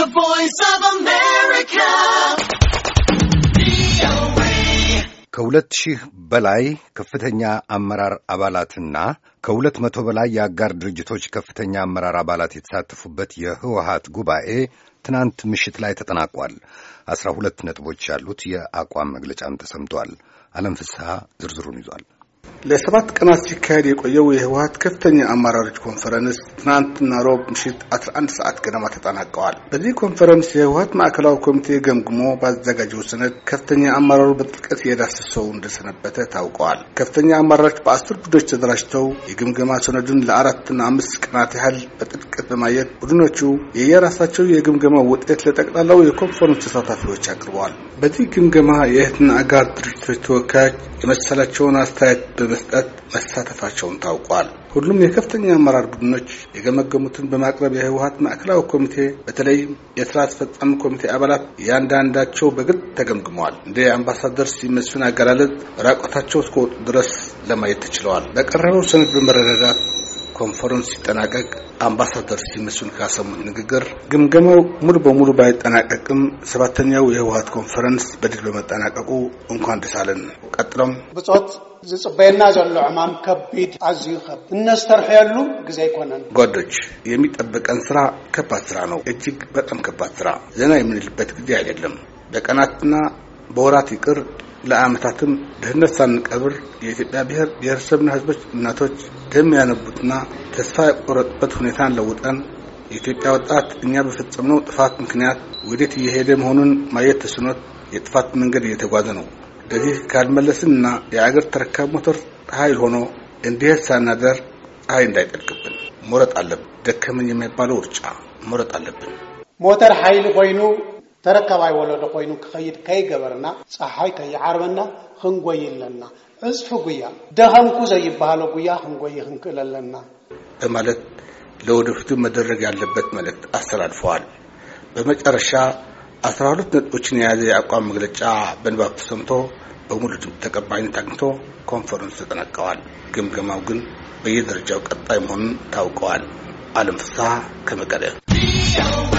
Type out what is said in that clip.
The Voice of America. ከሁለት ሺህ በላይ ከፍተኛ አመራር አባላትና ከሁለት መቶ በላይ የአጋር ድርጅቶች ከፍተኛ አመራር አባላት የተሳተፉበት የህወሀት ጉባኤ ትናንት ምሽት ላይ ተጠናቋል። አስራ ሁለት ነጥቦች ያሉት የአቋም መግለጫም ተሰምቷል። አለም ፍስሐ ዝርዝሩን ይዟል። ለሰባት ቀናት ሲካሄድ የቆየው የህወሀት ከፍተኛ አመራሮች ኮንፈረንስ ትናንትና ሮብ ምሽት 11 ሰዓት ገደማ ተጠናቀዋል። በዚህ ኮንፈረንስ የህወሀት ማዕከላዊ ኮሚቴ ገምግሞ ባዘጋጀው ሰነድ ከፍተኛ አመራሩ በጥልቀት የዳሰሰው እንደሰነበተ ታውቀዋል። ከፍተኛ አመራሮች በአስር ቡድኖች ተደራጅተው የግምገማ ሰነዱን ለአራትና አምስት ቀናት ያህል በጥልቀት በማየት ቡድኖቹ የየራሳቸው የግምገማ ውጤት ለጠቅላላው የኮንፈረንስ ተሳታፊዎች አቅርበዋል። በዚህ ግምገማ የእህትና አጋር ድርጅቶች ተወካዮች የመሰላቸውን አስተያየት በመስጠት መሳተፋቸውን ታውቋል። ሁሉም የከፍተኛ አመራር ቡድኖች የገመገሙትን በማቅረብ የህወሀት ማዕከላዊ ኮሚቴ በተለይም የስራ አስፈጻሚ ኮሚቴ አባላት እያንዳንዳቸው በግል ተገምግመዋል። እንደ አምባሳደር ሲመስፍን አገላለጽ ራቆታቸው እስከወጡ ድረስ ለማየት ተችለዋል። በቀረበው ሰነድ በመረዳዳት ኮንፈረንስ ሲጠናቀቅ አምባሳደር ሲመስሉ ካሰሙት ንግግር ግምገማው ሙሉ በሙሉ ባይጠናቀቅም ሰባተኛው የህወሀት ኮንፈረንስ በድል በመጠናቀቁ እንኳን ደስ አለን። ቀጥሎም ብጾት ዝፅበየና ዘሎ ዕማም ከቢድ ኣዝዩ ከብ እነስተርሕየሉ ግዜ ኣይኮነን። ጓዶች የሚጠበቀን ስራ ከባድ ስራ ነው። እጅግ በጣም ከባድ ስራ። ዘና የምንልበት ጊዜ አይደለም። በቀናትና በወራት ይቅር ለአመታትም ድህነት ሳንቀብር የኢትዮጵያ ብሔር ብሔረሰብና ህዝቦች እናቶች ደም ያነቡትና ተስፋ የቆረጡበት ሁኔታን ለውጠን የኢትዮጵያ ወጣት እኛ በፈጸምነው ጥፋት ምክንያት ወዴት እየሄደ መሆኑን ማየት ተስኖት የጥፋት መንገድ እየተጓዘ ነው። ለዚህ ካልመለስንና የአገር ተረካብ ሞተር ኃይል ሆኖ እንዲሄድ ሳናደር ፀሐይ እንዳይጠልቅብን መረጥ አለብን። ደከመኝ የማይባለው ውርጫ መረጥ አለብን። ሞተር ኃይል ኮይኑ ተረከባይ ወለዶ ኮይኑ ክኸይድ ከይገበርና ፀሓይ ከይዓርበና ክንጎይ ኣለና ዕፅፊ ጉያ ደኸምኩ ዘይበሃሎ ጉያ ክንጎይ ክንክእል ኣለና በማለት ለወደፊቱ መደረግ ያለበት መልእክት አስተላልፈዋል። በመጨረሻ አስራ ሁለት ነጥቦችን የያዘ የአቋም መግለጫ በንባብ ተሰምቶ በሙሉ ድምፅ ተቀባይነት አግኝቶ ኮንፈረንሱ ተጠናቀዋል። ግምገማው ግን በየደረጃው ቀጣይ መሆኑን ታውቀዋል። አለም ፍስሐ ከመቀለ